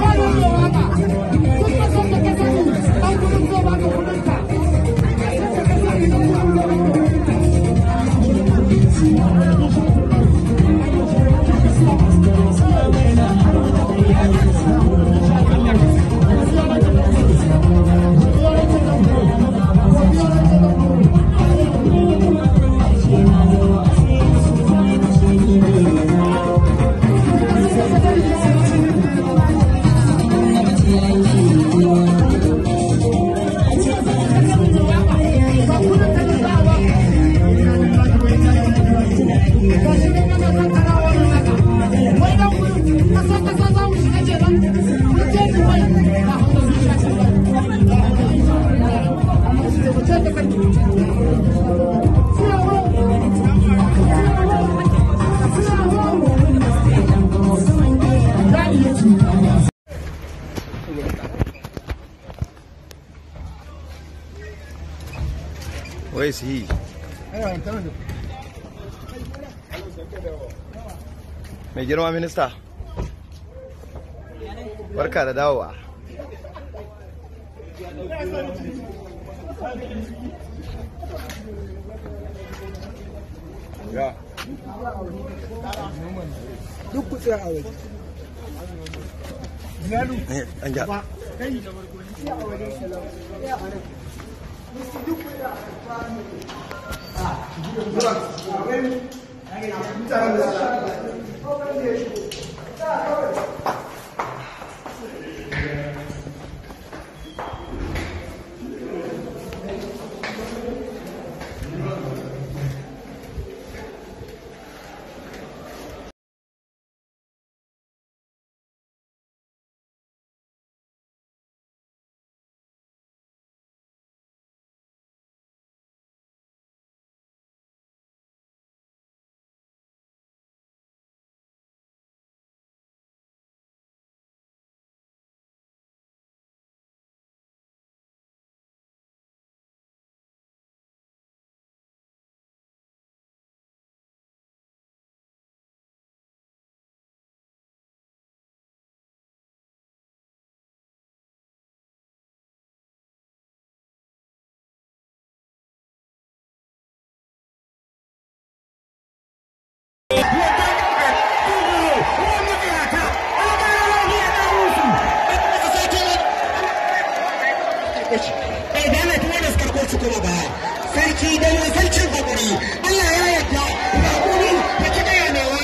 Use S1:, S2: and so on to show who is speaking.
S1: Come on. Olha esse Me Mediram a ministrar. barka da dawowa ya duk a waje gaba sarki dare sarkin hakuri Allah ya yarda